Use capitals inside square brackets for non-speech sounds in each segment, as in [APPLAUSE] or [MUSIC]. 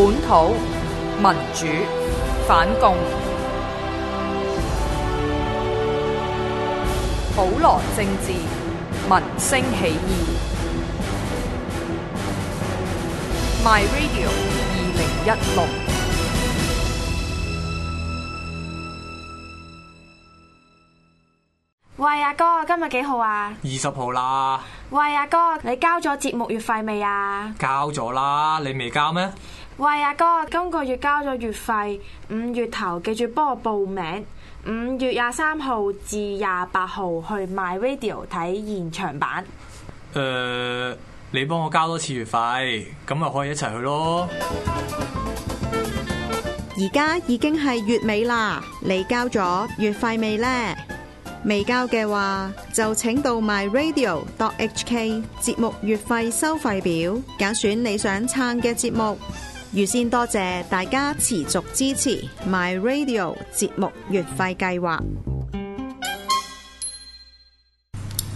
本土民主反共，普羅政治民聲起義。My Radio 二零一六。喂阿哥，今日幾號啊？二十號啦。喂阿哥，你交咗節目月費未啊？交咗啦，你未交咩？喂，阿哥，今個月交咗月費，五月頭記住幫我報名。五月廿三號至廿八號去 my radio 睇現場版。誒、呃，你幫我交多次月費，咁咪可以一齊去咯。而家已經係月尾啦，你交咗月費未呢？未交嘅話就請到 my radio dot hk 節目月費收費表，揀選你想撐嘅節目。預先多謝大家持續支持 My Radio 節目月費計劃。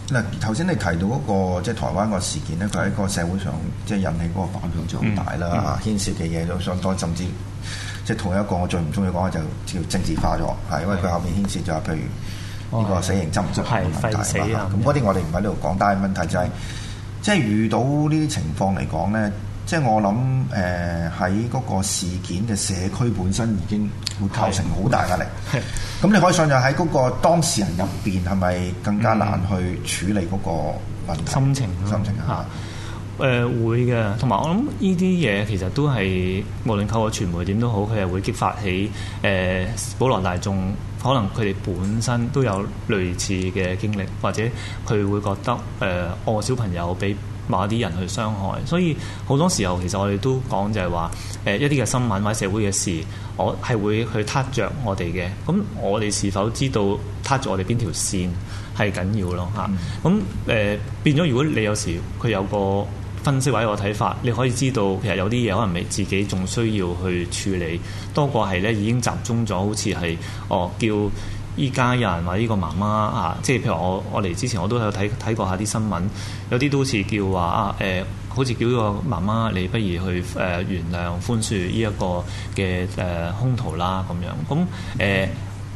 嗱，頭先你提到嗰、那個即係、就是、台灣個事件咧，佢喺個社會上即係引起嗰個反響就好大啦。牽、嗯嗯、涉嘅嘢都相當甚至即係同一個我最唔中意講嘅就叫政治化咗，係因為佢後面牽涉就係譬如呢、這個死刑執唔執行嘅問題啊。咁嗰啲我哋唔喺度講，但係問題就係、是、即係遇到呢啲情況嚟講咧。即係我諗，誒喺嗰個事件嘅社區本身已經會構成好大壓力。係，咁你可以想像喺嗰個當事人入邊係咪更加難去處理嗰個問題？心情，心情吓，誒會嘅。同埋我諗呢啲嘢其實都係無論透過傳媒點都好，佢係會激發起誒普羅大眾，可能佢哋本身都有類似嘅經歷，或者佢會覺得誒，我個小朋友俾某啲人去傷害，所以好多時候其實我哋都講就係話，誒、呃、一啲嘅新聞或者社會嘅事，我係會去撻着我哋嘅。咁我哋是否知道撻着我哋邊條線，係緊要咯？吓，咁、呃、誒變咗，如果你有時，佢有個分析或者有個睇法，你可以知道其實有啲嘢可能你自己仲需要去處理，多過係咧已經集中咗，好似係，哦叫。依家人或者依個媽媽啊，即係譬如我我嚟之前我都有睇睇過下啲新聞，有啲都好似叫話啊誒、呃，好似叫個媽媽你不如去誒、呃、原諒寬恕呢一個嘅誒、呃、兇徒啦咁樣，咁、嗯、誒。呃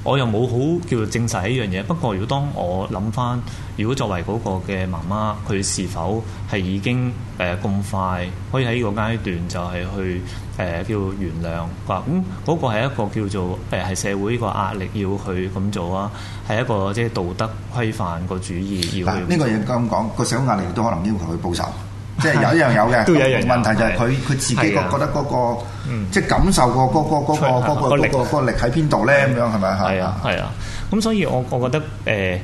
我又冇好叫做證實一依樣嘢。不過如果當我諗返，如果作為嗰個嘅媽媽，佢是否係已經誒咁、呃、快可以喺呢個階段就係去誒、呃、叫原諒？咁嗰、嗯那個係一個叫做誒係、呃、社會個壓力要去咁做啊，係一個即係、就是、道德規範主義、啊這個主意要呢個嘢咁講，個社會壓力都可能要求佢報仇。即係有一樣有嘅，都有一樣問題，就係佢佢自己覺覺得嗰個即係感受過嗰個嗰個嗰個嗰個力喺邊度咧，咁樣係咪啊？係啊，係啊，咁所以我我覺得誒，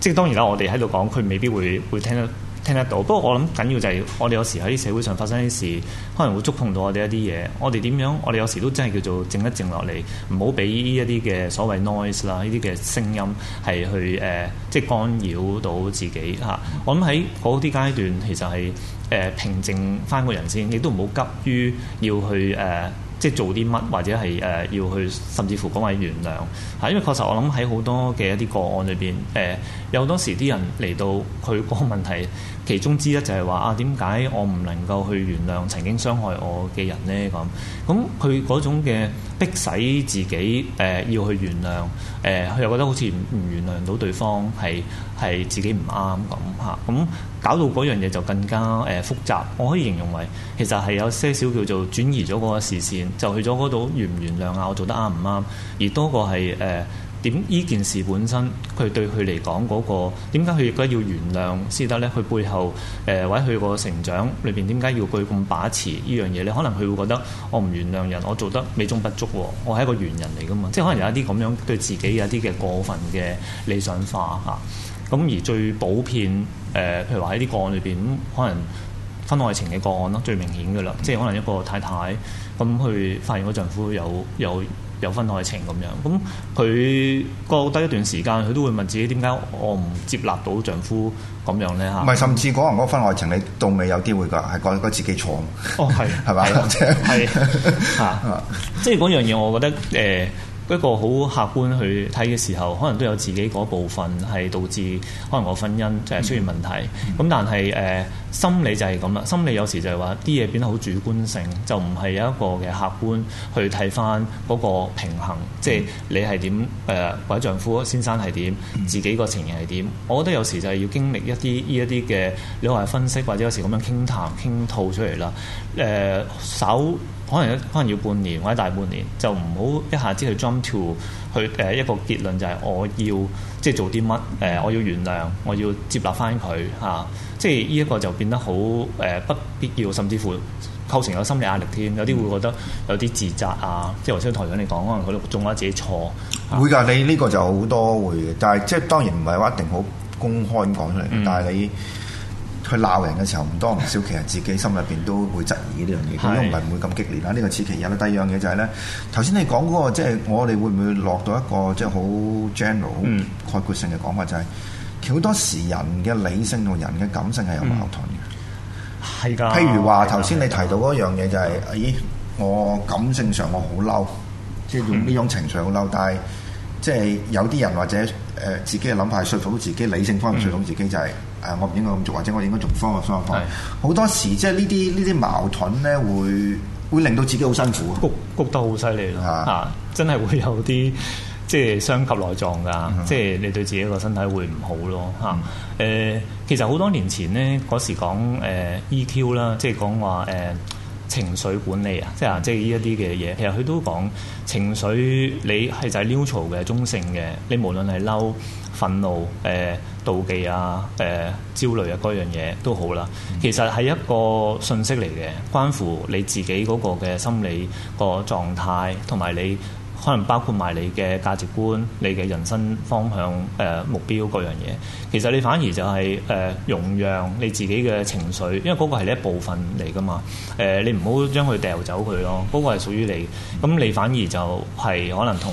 即係當然啦，我哋喺度講，佢未必會會聽得。聽得到，不過我諗緊要就係我哋有時喺社會上發生啲事，可能會觸碰到我哋一啲嘢。我哋點樣？我哋有時都真係叫做靜一靜落嚟，唔好俾一啲嘅所謂 noise 啦，呢啲嘅聲音係去誒，即、呃、係、就是、干擾到自己嚇、啊。我諗喺嗰啲階段，其實係誒、呃、平靜返個人先。亦都唔好急於要去誒，即、呃、係、就是、做啲乜，或者係誒要去，甚至乎講話原諒嚇、啊。因為確實我諗喺好多嘅一啲個案裏邊誒。呃有好多時啲人嚟到，佢個問題其中之一就係、是、話啊，點解我唔能夠去原諒曾經傷害我嘅人呢？咁咁佢嗰種嘅逼使自己誒、呃、要去原諒，佢、呃、又覺得好似唔原諒到對方係係自己唔啱咁嚇，咁、嗯、搞到嗰樣嘢就更加誒、呃、複雜。我可以形容為其實係有些少叫做轉移咗個視線，就去咗嗰度原唔原諒啊，我做得啱唔啱？而多過係誒。呃點呢件事本身，佢對佢嚟講嗰個點解佢而家要原諒先得呢？佢背後誒、呃、或者佢個成長裏邊點解要佢咁把持呢樣嘢咧？可能佢會覺得我唔原諒人，我做得美中不足喎，我係一個完人嚟噶嘛，即係可能有一啲咁樣對自己有一啲嘅過分嘅理想化嚇。咁、啊、而最普遍誒、呃，譬如話喺啲個案裏邊，可能婚外情嘅個案咯，最明顯噶啦，嗯、即係可能一個太太咁去、嗯、發現個丈夫有有。有有分愛情咁樣，咁佢覺得一段時間，佢都會問自己點解我唔接納到丈夫咁樣咧嚇？唔係、嗯，甚至講完嗰分愛情，你到尾有機會講係講嗰自己錯。哦，係，係咪 [LAUGHS] 吧？即係的，即係嗰樣嘢，我覺得誒。呃不過好客觀去睇嘅時候，可能都有自己嗰部分係導致可能我婚姻即係出現問題。咁、嗯、但係誒、呃、心理就係咁啦，心理有時就係話啲嘢變得好主觀性，就唔係有一個嘅客觀去睇翻嗰個平衡，即係、嗯、你係點誒？我、呃、丈夫先生係點？嗯、自己個情形係點？我覺得有時就係要經歷一啲呢一啲嘅，你話分析或者有時咁樣傾談傾吐出嚟啦。誒、呃，少。可能可能要半年或者大半年，就唔好一下子去 jump to 去誒、呃、一個結論，就係我要即係做啲乜誒，我要原諒，我要接納翻佢嚇。即係呢一個就變得好誒、呃、不必要，甚至乎構成有心理壓力添。有啲會覺得有啲自責啊，即係頭先台長你講可能佢都仲覺得自己錯、啊，會㗎，你呢個就好多會嘅，但係即係當然唔係話一定好公開講出嚟，嗯、但係你。佢鬧人嘅時候唔多唔少，其實自己心入邊都會質疑呢樣嘢，咁又唔係唔會咁激烈啦。呢、這個此其一。啦。第二樣嘢就係、是、咧，頭先你講嗰、那個即係、就是、我哋會唔會落到一個即係、就、好、是、general、嗯、概括性嘅講法、就是，就係好多時人嘅理性同人嘅感性係有，有矛盾嘅，係㗎、嗯。譬如話頭先你提到嗰樣嘢就係、是，咦、哎，我感性上我好嬲，即、就、係、是、用呢種情緒好嬲，嗯、但係即係有啲人或者誒自己嘅諗法係說服自己理性方面，説服自己就係。誒，我唔應該咁做，或者我應該做科學方法。好是多時即係呢啲呢啲矛盾咧，會會令到自己好辛苦，谷谷得好犀利咯。嚇是、啊，真係會有啲即係傷及內臟㗎，嗯、哼即係你對自己個身體會唔好咯。嚇、嗯，誒、啊，其實好多年前咧，嗰時講、呃、EQ 啦，即係講話誒。情緒管理啊，即係啊，即係呢一啲嘅嘢，其實佢都講情緒，你係就係 neutral 嘅中性嘅，你無論係嬲、憤怒、誒、呃、妒忌啊、誒、呃、焦慮啊嗰樣嘢都好啦，其實係一個訊息嚟嘅，關乎你自己嗰個嘅心理個狀態同埋你。可能包括埋你嘅價值觀，你嘅人生方向、誒、呃、目標嗰樣嘢，其實你反而就係、是、誒、呃、容讓你自己嘅情緒，因為嗰個係你一部分嚟噶嘛。誒、呃，你唔好將佢掉走佢咯，嗰、那個係屬於你。咁你反而就係可能同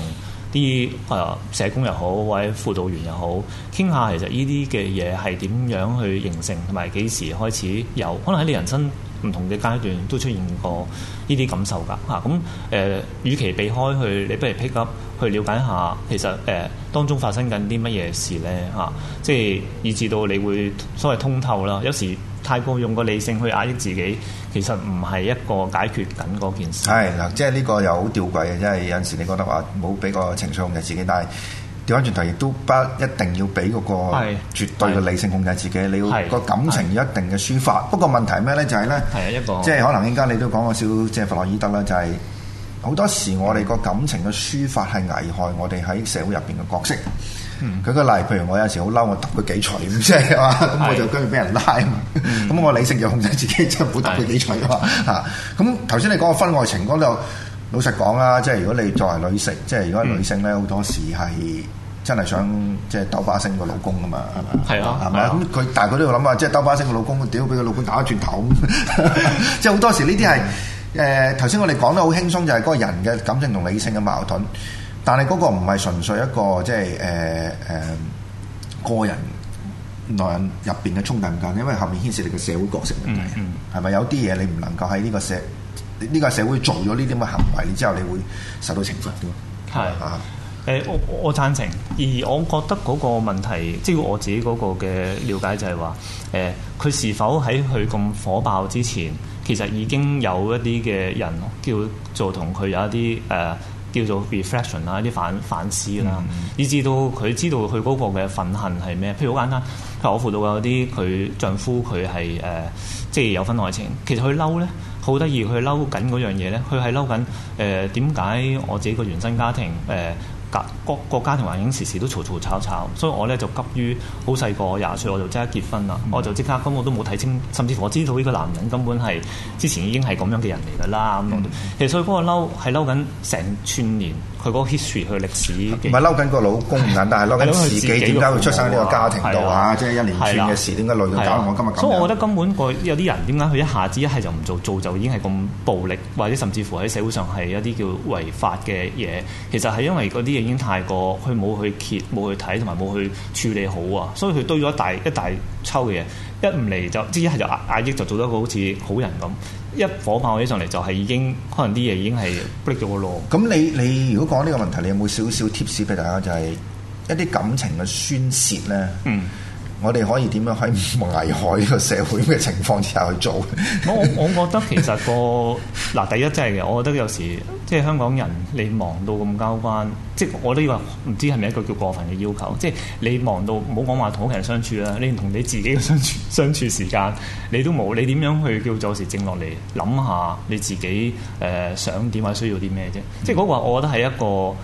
啲誒社工又好或者輔導員又好傾下，其實呢啲嘅嘢係點樣去形成，同埋幾時開始有，可能喺你人生。唔同嘅階段都出現過呢啲感受㗎嚇，咁、啊、誒、呃，與其避開去，你不如 pick up 去了解一下，其實誒、呃、當中發生緊啲乜嘢事咧嚇、啊，即係以至到你會所謂通透啦、啊。有時太過用個理性去壓抑自己，其實唔係一個解決緊嗰件事。係嗱，即係呢個又好吊詭嘅，即係有陣時你覺得話冇俾個情緒控制自己，但係。調翻轉頭亦都不一定要俾嗰個絕對嘅理性控制自己，你要個感情要一定嘅抒發。不過問題咩咧？就係、是、咧，即係可能依家你都講少，即係弗洛伊德啦，就係、是、好多時我哋個感情嘅抒發係危害我哋喺社會入邊嘅角色。嗯、舉個例，譬如我有陣時好嬲，我揼佢幾錘，即係係咁我就跟住俾人拉，咁 [LAUGHS] 我理性就控制自己，即係唔好揼佢幾錘㗎。咁頭先你講個婚外情嗰度。老實講啦，即係如果你作為女性，即係如果女性咧，好、嗯、多時係真係想即係兜巴星個老公噶嘛，係咪、嗯、啊？係啊吧，係咪咁佢，但係佢都要諗下，即係兜巴星個老公，屌俾個老公打一轉頭，即係好多時呢啲係誒、頭、呃、先我哋講得好輕鬆，就係、是、嗰個人嘅感情同理性嘅矛盾，但係嗰個唔係純粹一個即係誒誒個人內人入邊嘅衝突，唔因為後面牽涉你嘅社會角色問題，係咪有啲嘢你唔能夠喺呢個社？呢個社會做咗呢啲咁嘅行為之後，你會受到懲罰嘅啊，誒、呃，我我贊成。而我覺得嗰個問題，即、就、係、是、我自己嗰個嘅了解就係話，誒、呃，佢是否喺佢咁火爆之前，其實已經有一啲嘅人叫做同佢有一啲誒、呃、叫做 reflection 啊，一啲反反思啦，嗯、以至到佢知道佢嗰個嘅憤恨係咩？譬如好簡單，譬如我輔導過啲佢丈夫，佢係誒即係有婚外情，其實佢嬲咧。好得意，佢嬲緊嗰樣嘢呢，佢係嬲緊誒點解我自己個原生家庭誒隔、呃、個個家庭環境時時都嘈嘈吵吵，所以我呢，就急於好細個廿歲我就即刻結婚啦、嗯，我就即刻咁我都冇睇清，甚至乎我知道呢個男人根本係之前已經係咁樣嘅人嚟㗎啦咁。嗯、其實所以嗰個嬲係嬲緊成串年。佢個 history 佢歷史唔係嬲緊個老公唔緊，但係嬲緊自己點解 [LAUGHS] 會出生呢個家庭度嚇，即係、啊啊就是、一連串嘅事點解累到搞到今日咁、啊啊、所以我覺得根本個有啲人點解佢一下子一係就唔做，做就已經係咁暴力，或者甚至乎喺社會上係一啲叫違法嘅嘢，其實係因為嗰啲嘢已經太過，佢冇去揭、冇去睇同埋冇去處理好啊，所以佢堆咗一大一大抽嘅嘢。一唔嚟就即係就壓抑，就，抑就做得個好似好人咁，一火炮起上嚟就係、是、已經可能啲嘢已經係 break 咗咯。咁你你如果講呢個問題，你有冇少少 tips 俾大家就係、是、一啲感情嘅宣泄咧？嗯。我哋可以點樣喺危害呢個社會嘅情況之下去做我？我我覺得其實、個嗱第一真係嘅，我覺得有時即係香港人你忙到咁交關，即係我都以為唔知係咪一個叫過分嘅要求。即係你忙到唔好講話同屋企人相處啦，你同你自己嘅相處相處時間你都冇，你點樣去叫做有時靜落嚟諗下你自己誒、呃、想點或需要啲咩啫？即係嗰個我覺得係一個。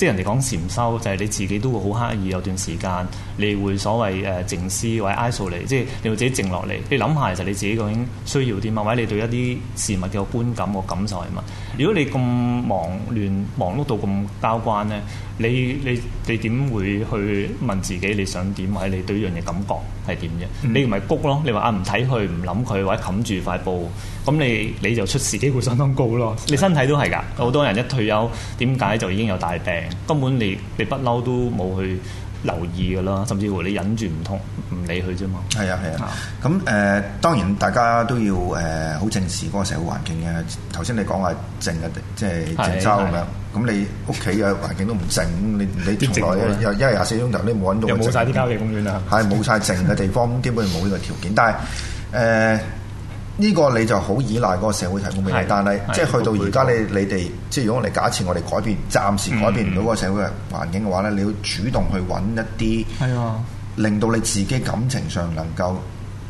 即係人哋講禪修，就係、是、你自己都會好刻意有段時間，你會所謂誒靜思或者 isol 嚟，即係令自己靜落嚟。你諗下，其實你自己究竟需要啲乜？或者你對一啲事物嘅觀感、個感受係乜？如果你咁忙亂、忙碌到咁交關呢。你你你點會去問自己你想點、嗯？或者你對一樣嘢感覺係點啫？你唔係谷咯？你話啊，唔睇佢，唔諗佢，或者冚住塊布，咁你你就出事機會相當高咯。啊啊、你身體都係㗎，好多人一退休點解就已經有大病？根本你你不嬲都冇去留意㗎啦，甚至乎你忍住唔痛唔理佢啫嘛。係啊，係啊，咁誒當然大家都要誒好正視嗰個社會環境嘅。頭先你講話靜嘅，即係靜州咁樣。咁你屋企嘅環境都唔靜，你你從來一日廿四鐘頭你冇揾到靜，又冇晒啲郊野公園啦！係冇晒靜嘅地方，基本冇呢個條件。但係誒呢個你就好依賴嗰個社會提供俾你，但係即係去到而家你你哋即係如果我哋假設我哋改變，暫時改變唔到個社會嘅環境嘅話咧，你要主動去揾一啲，係喎的，令到你自己感情上能夠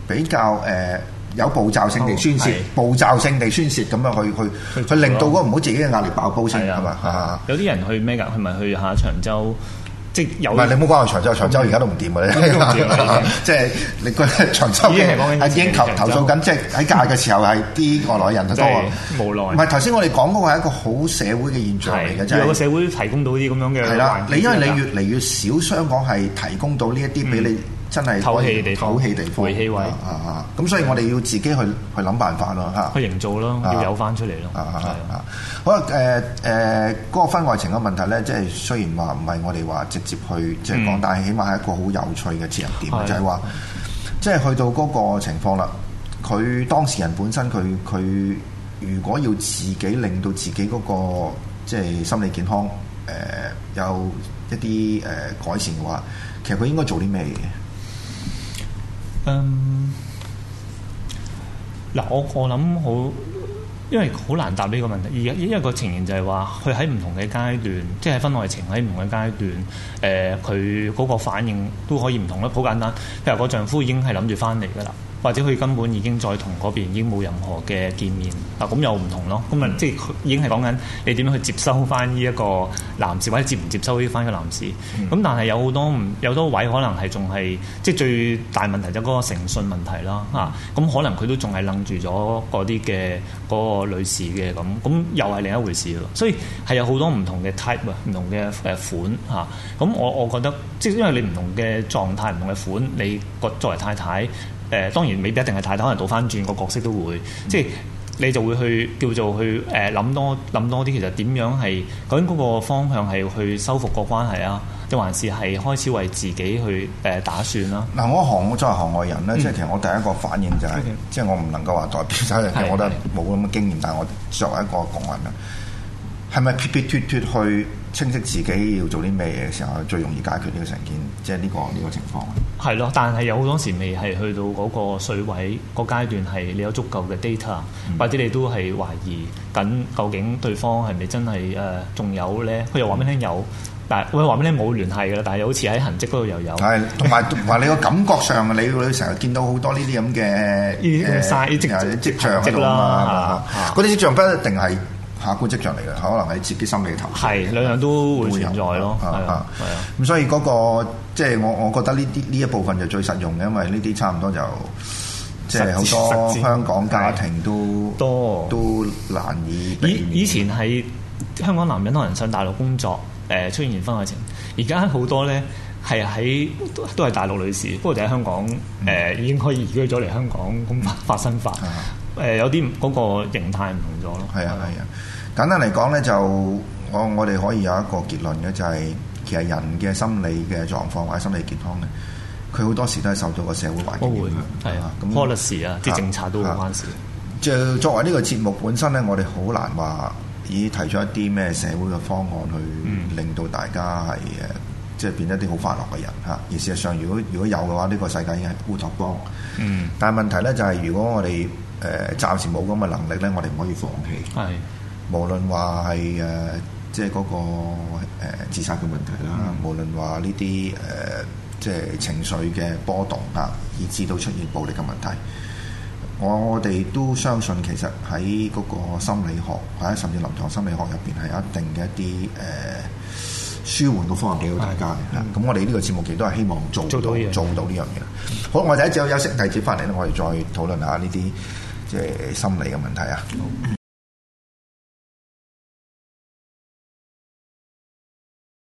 比較誒。呃有步驟性地宣泄，步驟性地宣泄咁樣去去去令到嗰唔好自己嘅壓力爆煲先係嘛？有啲人去咩㗎？佢咪去下長洲，即係有唔係？你唔好講去長洲，長洲而家都唔掂㗎，你即係你個長洲已經投投訴緊，即係喺價嘅時候係啲外來人得多啊，無奈。唔係頭先我哋講嗰個係一個好社會嘅現象嚟嘅，即係如果社會提供到啲咁樣嘅，係啦，你因為你越嚟越少香港係提供到呢一啲俾你。真係唞氣地方，唞氣、唞氣位啊啊！咁所以我哋要自己去去諗辦法咯，嚇、啊、去營造咯，啊、要有翻出嚟咯、啊啊，好啊，誒、呃、誒，嗰、呃那個婚外情嘅問題呢，即係雖然話唔係我哋話直接去即係講，嗯、但係起碼係一個好有趣嘅切入點，就係話，即係去到嗰個情況啦，佢當事人本身佢佢如果要自己令到自己嗰、那個即係、就是、心理健康誒、呃、有一啲誒改善嘅話，其實佢應該做啲咩？嗯，嗱、um,，我我諗好，因為好難答呢個問題。而家一個情形就係話，佢喺唔同嘅階段，即係婚外情喺唔同嘅階段，誒、呃，佢嗰個反應都可以唔同咯。好簡單，譬如個丈夫已經係諗住翻嚟噶啦。或者佢根本已經再同嗰邊已經冇任何嘅見面啊，咁又唔同咯。咁咪、嗯、即係已經係講緊你點樣去接收翻呢一個男士，或者接唔接收呢翻個男士。咁、嗯、但係有好多有好多位，可能係仲係即係最大問題就嗰個誠信問題啦嚇。咁、嗯啊、可能佢都仲係楞住咗嗰啲嘅嗰個女士嘅咁咁，又係另一回事咯。所以係有好多唔同嘅 type 唔同嘅誒、呃、款嚇。咁、啊、我我覺得即係因為你唔同嘅狀態、唔同嘅款，你個作為太太，太。誒當然未必一定係太太，可能倒翻轉個角色都會，即係、嗯就是、你就會去叫做去誒諗、呃、多諗多啲，其實點樣係究竟嗰個方向係去修復個關係啊？定還是係開始為自己去誒、呃、打算啦、啊？嗱、嗯，我行我作為行外人咧，即係其實我第一個反應就係、是，即係、嗯、我唔能夠話代表所有人，嗯、 [LAUGHS] [LAUGHS] 我覺得冇咁嘅經驗，但係我作為一個港人咧，係咪撇撇脫脫去？清晰自己要做啲咩嘢嘅時候，最容易解決呢個成件，即係呢個呢個情況。係咯，但係有好多時未係去到嗰個水位個階段，係你有足夠嘅 data，或者你都係懷疑緊究竟對方係咪真係誒仲有咧？佢又話咩咧有，但係佢又話咩咧冇聯繫㗎喇。但係好似喺痕跡嗰度又有，同埋同埋你個感覺上，你會成日見到好多呢啲咁嘅誒曬跡象啦，啲跡象不一定係。客觀跡象嚟嘅，可能喺自己心理頭。係兩樣都會存在咯，啊有，係啊。咁所以嗰、嗰個即係我，即係、我覺得呢啲呢一部分就最實用嘅，因為呢啲差唔多就即係好多香港家庭都，都多都難以。以以前係香港男人可能上大陸工作，誒出現婚外情。而家好多咧係喺都都係大陸女士，不過就喺香港誒已經可以移居咗嚟香港咁發生法，誒的有啲嗰個形態唔同咗咯。係啊，係啊。簡單嚟講咧，就我我哋可以有一個結論嘅，就係、是、其實人嘅心理嘅狀況或者心理健康咧，佢好多時都係受到個社會環境影響。係那啊，咁 policy 啊，啲政策都好關事。就作為呢個節目本身咧，我哋好難話已提出一啲咩社會嘅方案去令到大家係誒，即係、嗯、變一啲好快樂嘅人嚇。而事實上，如果如果有嘅話，呢、這個世界已經係烏托邦。嗯。但係問題咧就係、是，如果我哋誒暫時冇咁嘅能力咧，我哋唔可以放棄。係、嗯。無論話係誒，即係嗰、那個、呃、自殺嘅問題啦，嗯、無論話呢啲誒，即係情緒嘅波動啊，以至到出現暴力嘅問題，我我哋都相信其實喺嗰個心理學，或者甚至臨床心理學入邊係有一定嘅一啲誒、呃、舒緩嘅方案俾到大家嘅。咁、嗯、我哋呢個節目其實都係希望做做到呢樣嘢。嗯、好，我哋一家只有休息，例子翻嚟咧，我哋再討論下呢啲即係心理嘅問題啊。嗯。